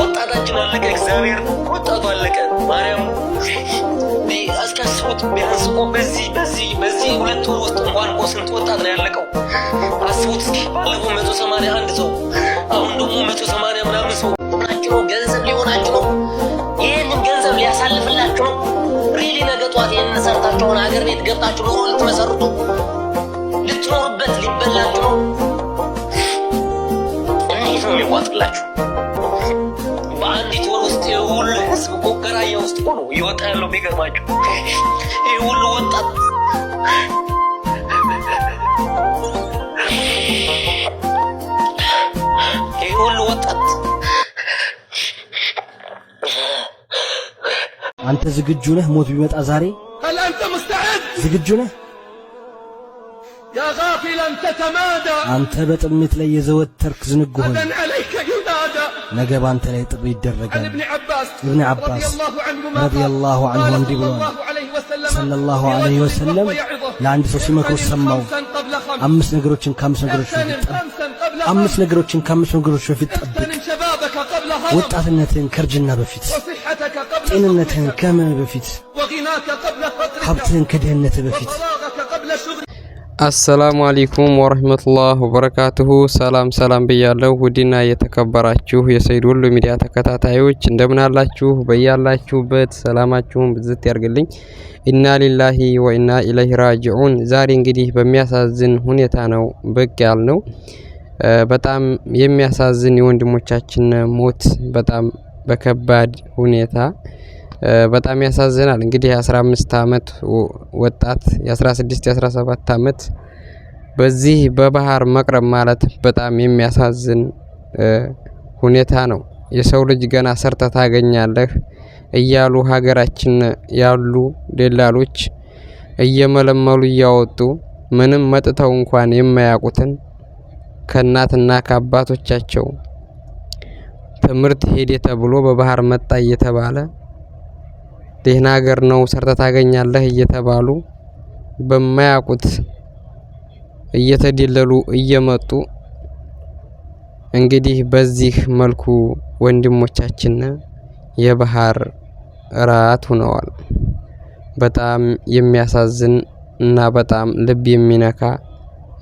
ወጣታችን አለቀ። እግዚአብሔር ወጣቱ አለቀ። ማርያም አስኪያስቡት ቢያንስ እኮ በዚህ በዚህ በዚህ ሁለት ወር ውስጥ እንኳን እኮ ስንት ወጣት ነው ያለቀው? አስቡት እስኪ ባለፈው መቶ ሰማንያ አንድ ሰው አሁን ደግሞ መቶ ሰማንያ ምናምን ሰው ሆናችሁ ነው። ገንዘብ ሊሆናችሁ ነው። ይህንን ገንዘብ ሊያሳልፍላችሁ ነው። ሪሊ ነገ ጠዋት ይህንን ሰርታችሁን ሀገር ቤት ገብታችሁ ኑሮ ልትመሰርቱ ልትኖሩበት ሊበላችሁ ነው። እንዴት ነው የሚዋጥላችሁ? ውስጥ ሆኖ ይወጣ ያለው የሚገርማችሁ ይህ ሁሉ ወጣት ይህ ሁሉ ወጣት አንተ ዝግጁ ነህ? ሞት ቢመጣ ዛሬ ዝግጁ ነህ? አንተ በጥሜት ላይ የዘወተርክ ዝንጉ ሆነ ነገ ባንተ ላይ ጥሪ ይደረጋል። እብን ዓባስ ረዲየላሁ አንሁ እንዲህ ብሏል ሰለላሁ ዐለይሂ ወሰለም ለአንድ ሰው ሲመክሩ ሰማው። አምስት ነገሮችን ከአምስት ነገሮች በፊት አምስት ነገሮችን ከአምስት ነገሮች በፊት ጠብቅ። ወጣትነትህን ከእርጅና በፊት፣ ጤንነትህን ከህመም በፊት፣ ሀብትህን ከድህነት በፊት አሰላሙ አሌይኩም ወረህመቱላህ ወበረካቱሁ። ሰላም ሰላም ብያለሁ። ውድና የተከበራችሁ የሰይድ ወሎ ሚዲያ ተከታታዮች እንደምን አላችሁ? በያላችሁበት ሰላማችሁን ብዝት ያርግልኝ። ኢና ሊላሂ ወኢና ኢለይሂ ራጂዑን። ዛሬ እንግዲህ በሚያሳዝን ሁኔታ ነው ብቅ ያልነው። በጣም የሚያሳዝን የወንድሞቻችን ሞት በጣም በከባድ ሁኔታ በጣም ያሳዝናል። እንግዲህ የ15 ዓመት ወጣት የ16 የ17 ዓመት በዚህ በባህር መቅረብ ማለት በጣም የሚያሳዝን ሁኔታ ነው። የሰው ልጅ ገና ሰርተ ታገኛለህ እያሉ ሀገራችን ያሉ ደላሎች እየመለመሉ እያወጡ ምንም መጥተው እንኳን የማያውቁትን ከእናትና ከአባቶቻቸው ትምህርት ሄደ ተብሎ በባህር መጣ እየተባለ ደህና ሀገር ነው ሰርተህ ታገኛለህ እየተባሉ በማያውቁት እየተደለሉ እየመጡ እንግዲህ በዚህ መልኩ ወንድሞቻችን የባህር ራት ሆነዋል። በጣም የሚያሳዝን እና በጣም ልብ የሚነካ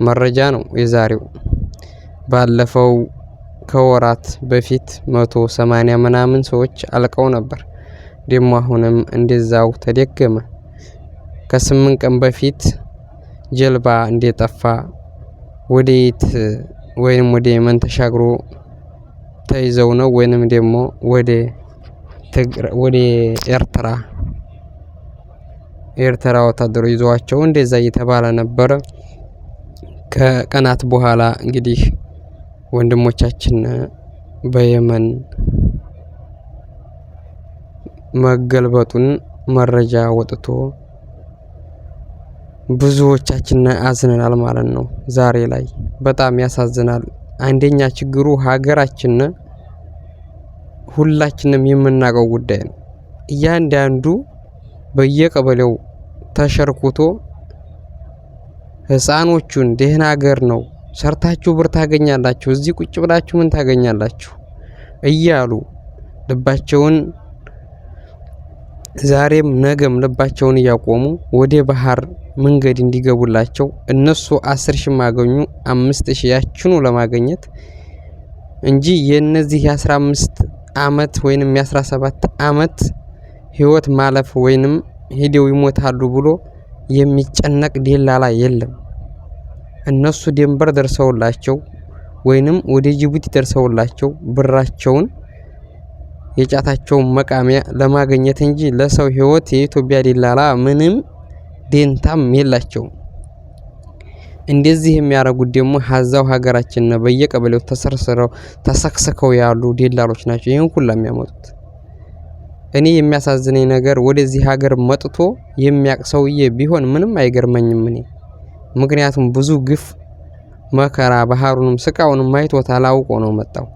መረጃ ነው የዛሬው። ባለፈው ከወራት በፊት መቶ ሰማንያ ምናምን ሰዎች አልቀው ነበር። ደሞ አሁንም እንደዛው ተደገመ። ከስምንት ቀን በፊት ጀልባ እንደጠፋ ወደየት ወይም ወደ የመን ተሻግሮ ተይዘው ነው ወይንም ደግሞ ወደ ኤርትራ ኤርትራ ወታደሮች ይዘዋቸው እንደዛ እየተባለ ነበረ። ከቀናት በኋላ እንግዲህ ወንድሞቻችን በየመን መገልበጡን መረጃ ወጥቶ ብዙዎቻችን አዝነናል ማለት ነው። ዛሬ ላይ በጣም ያሳዝናል። አንደኛ ችግሩ ሀገራችን ሁላችንም የምናውቀው ጉዳይ ነው። እያንዳንዱ በየቀበሌው ተሸርኩቶ ህፃኖቹን ደህና ሀገር ነው ሰርታችሁ ብር ታገኛላችሁ፣ እዚህ ቁጭ ብላችሁ ምን ታገኛላችሁ እያሉ ልባቸውን ዛሬም ነገም ልባቸውን እያቆሙ ወደ ባህር መንገድ እንዲገቡላቸው እነሱ አስር ሺ ማገኙ አምስት ሺ ያችኑ ለማገኘት እንጂ የእነዚህ የአስራ አምስት አመት ወይንም የአስራ ሰባት አመት ህይወት ማለፍ ወይንም ሄደው ይሞታሉ ብሎ የሚጨነቅ ደላላ የለም። እነሱ ደንበር ደርሰውላቸው ወይንም ወደ ጅቡቲ ደርሰውላቸው ብራቸውን የጫታቸውን መቃሚያ ለማግኘት እንጂ ለሰው ህይወት የኢትዮጵያ ዲላላ ምንም ደንታም የላቸውም። እንደዚህ የሚያደርጉት ደግሞ ሀዛው ሀገራችን ነው። በየቀበሌው ተሰርስረው ተሰክስከው ያሉ ደላሎች ናቸው ይህን ሁላ የሚያመጡት። እኔ የሚያሳዝነኝ ነገር ወደዚህ ሀገር መጥቶ የሚያቅ ሰውዬ ቢሆን ምንም አይገርመኝም እኔ ምክንያቱም ብዙ ግፍ መከራ ባህሩንም ስቃውንም አይቶታል፣ አውቆ ነው መጣው።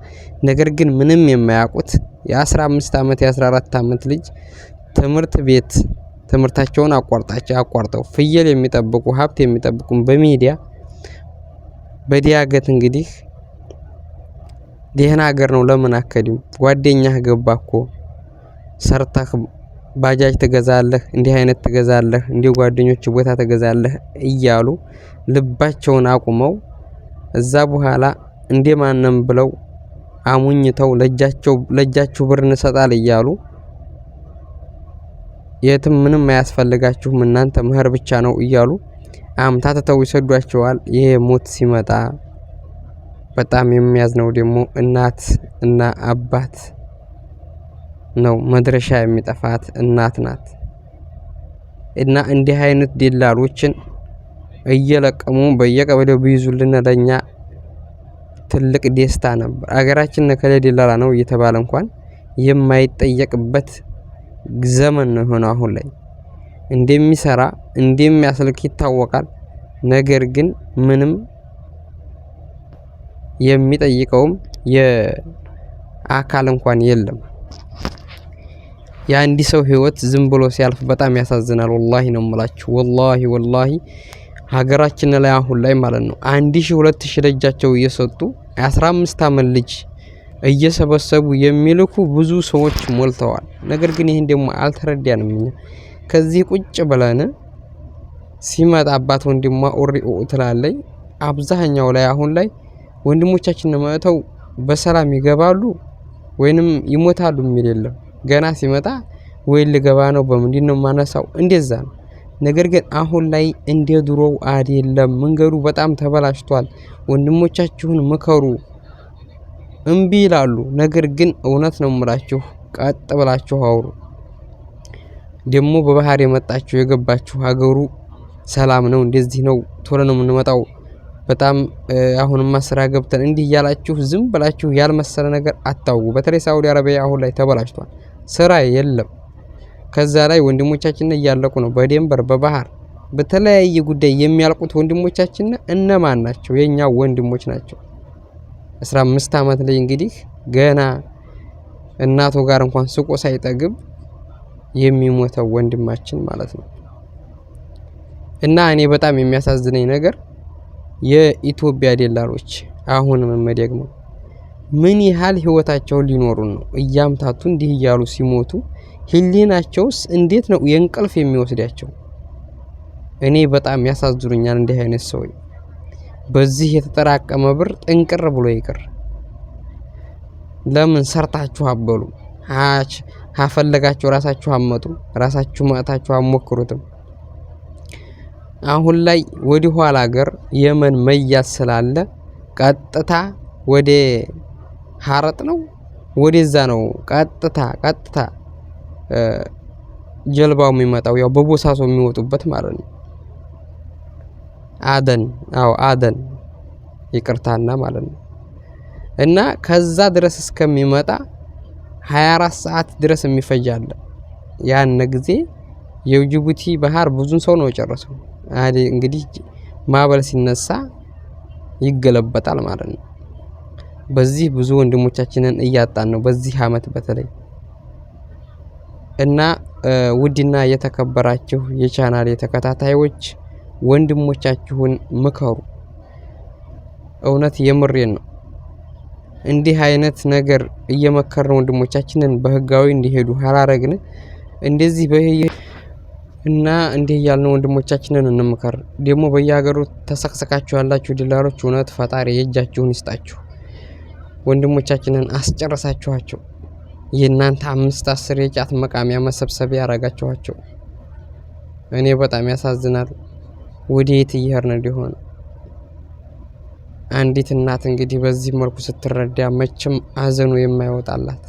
ነገር ግን ምንም የማያውቁት የ15 ዓመት የ14 ዓመት ልጅ ትምህርት ቤት ትምህርታቸውን አቋርጣቸው አቋርጠው ፍየል የሚጠብቁ ሀብት የሚጠብቁ በሚዲያ በዲያገት እንግዲህ ደህና ሀገር ነው ለምን አከዲም ጓደኛህ ገባኮ ሰርተህ ባጃጅ ትገዛለህ፣ እንዲህ አይነት ትገዛለህ፣ እንዲህ ጓደኞች ቦታ ትገዛለህ እያሉ ልባቸውን አቁመው እዛ በኋላ እንደማንም ብለው አሙኝተው ለእጃችሁ ብር እንሰጣል እያሉ የትም ምንም አያስፈልጋችሁም እናንተ መህር ብቻ ነው እያሉ አምታተተው ይሰዷቸዋል። ይሄ ሞት ሲመጣ በጣም የሚያዝነው ደግሞ እናት እና አባት ነው። መድረሻ የሚጠፋት እናት ናት እና እንዲህ አይነት ደላሎችን እየለቀሙ በየቀበሌው ቢይዙልን ለኛ ትልቅ ደስታ ነበር። አገራችን ነከሌ ደላላ ነው እየተባለ እንኳን የማይጠየቅበት ዘመን ነው የሆነ አሁን ላይ እንደሚሰራ እንደሚያስልክ ይታወቃል። ነገር ግን ምንም የሚጠይቀውም የአካል እንኳን የለም። የአንድ ሰው ህይወት ዝም ብሎ ሲያልፍ በጣም ያሳዝናል። ወላሂ ነው የምላችሁ። ወላሂ ወላሂ ሀገራችን ላይ አሁን ላይ ማለት ነው አንድ ሺ ሁለት ሺ ለእጃቸው እየሰጡ የአስራ አምስት አመት ልጅ እየሰበሰቡ የሚልኩ ብዙ ሰዎች ሞልተዋል። ነገር ግን ይህን ደግሞ አልተረዳንም እኛ ከዚህ ቁጭ ብለን ሲመጣ አባት ወንድማ ኦሪ ትላለይ አብዛኛው ላይ አሁን ላይ ወንድሞቻችን መጥተው በሰላም ይገባሉ ወይንም ይሞታሉ የሚል የለም። ገና ሲመጣ ወይ ልገባ ነው በምንድን ነው ማነሳው እንደዛ ነው። ነገር ግን አሁን ላይ እንደ ድሮው አይደለም። መንገዱ በጣም ተበላሽቷል። ወንድሞቻችሁን ምከሩ፣ እምቢ ይላሉ። ነገር ግን እውነት ነው የምላችሁ፣ ቀጥ ብላችሁ አውሩ። ደግሞ በባህር የመጣችሁ የገባችሁ ሀገሩ ሰላም ነው፣ እንደዚህ ነው፣ ቶሎ ነው የምንመጣው በጣም አሁንማ ስራ ገብተን እንዲህ እያላችሁ ዝም ብላችሁ ያልመሰለ ነገር አታውጉ። በተለይ ሳውዲ አረቢያ አሁን ላይ ተበላሽቷል፣ ስራ የለም። ከዛ ላይ ወንድሞቻችን እያለቁ ነው። በደንበር በባህር በተለያየ ጉዳይ የሚያልቁት ወንድሞቻችን እነማን ናቸው? የኛ ወንድሞች ናቸው። 15 ዓመት ላይ እንግዲህ ገና እናቶ ጋር እንኳን ስቆ ሳይጠግብ የሚሞተው ወንድማችን ማለት ነው። እና እኔ በጣም የሚያሳዝነኝ ነገር የኢትዮጵያ ደላሎች አሁንም መደግመው ምን ያህል ህይወታቸውን ሊኖሩን ነው? እያምታቱ እንዲህ እያሉ ሲሞቱ ህሊናቸውስ እንዴት ነው የእንቅልፍ የሚወስዳቸው? እኔ በጣም ያሳዝኑኛል እንዲህ አይነት ሰው በዚህ የተጠራቀመ ብር ጥንቅር ብሎ ይቅር። ለምን ሰርታችሁ አበሉ? አፈለጋችሁ ራሳችሁ አመጡ፣ ራሳችሁ ማእታችሁ አሞክሩትም። አሁን ላይ ወደ ኋላ ሀገር የመን መያዝ ስላለ ቀጥታ ወደ ሀረጥ ነው ወደዛ ነው ቀጥታ ቀጥታ ጀልባው የሚመጣው ያው በቦሳሶ የሚወጡበት ማለት ነው። አደን አዎ አደን ይቅርታና ማለት ነው። እና ከዛ ድረስ እስከሚመጣ 24 ሰዓት ድረስ የሚፈጃለ ያን ጊዜ የጅቡቲ ባህር ብዙን ሰው ነው የጨረሰው። እንግዲህ ማዕበል ሲነሳ ይገለበጣል ማለት ነው። በዚህ ብዙ ወንድሞቻችንን እያጣን ነው፣ በዚህ አመት በተለይ እና ውድና የተከበራችሁ የቻናል ተከታታዮች ወንድሞቻችሁን ምከሩ። እውነት የምሬን ነው። እንዲህ አይነት ነገር እየመከርን ወንድሞቻችንን በህጋዊ እንዲሄዱ አላረግን። እንደዚህ እና እንዲህ እያልን ወንድሞቻችንን እንምከር። ደግሞ በየሀገሩ ተሰቅሰቃችሁ ያላችሁ ደላሎች እውነት ፈጣሪ የእጃችሁን ይስጣችሁ። ወንድሞቻችንን አስጨረሳችኋቸው። የእናንተ አምስት አስር የጫት መቃሚያ መሰብሰቢያ ያረጋችኋቸው። እኔ በጣም ያሳዝናል። ወዴት እየሄድን እንደሆነ አንዲት እናት እንግዲህ በዚህ መልኩ ስትረዳ መቼም አዘኑ የማይወጣላት።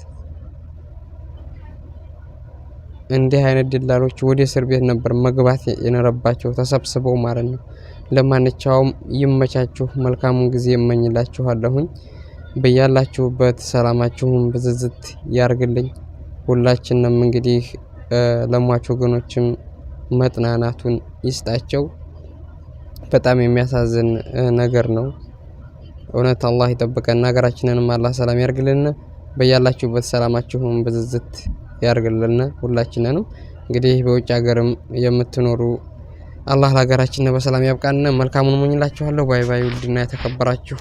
እንዲህ አይነት ደላሎች ወደ እስር ቤት ነበር መግባት የኖረባቸው ተሰብስበው ማለት ነው። ለማንኛውም ይመቻችሁ፣ መልካሙን ጊዜ እመኝላችኋለሁኝ። በያላችሁበት ሰላማችሁን ብዝዝት ያርግልኝ። ሁላችንም እንግዲህ ለሟች ወገኖችም መጥናናቱን ይስጣቸው። በጣም የሚያሳዝን ነገር ነው እውነት። አላህ ይጠብቀና ሀገራችንንም አላህ ሰላም ያርግልን። በያላችሁበት ሰላማችሁን ብዝዝት ያርግልን ሁላችንንም። እንግዲህ በውጭ ሀገርም የምትኖሩ አላህ ለሀገራችን በሰላም ያብቃን። መልካሙን ሞኝላችኋለሁ። ባይ ባይ። ውድና የተከበራችሁ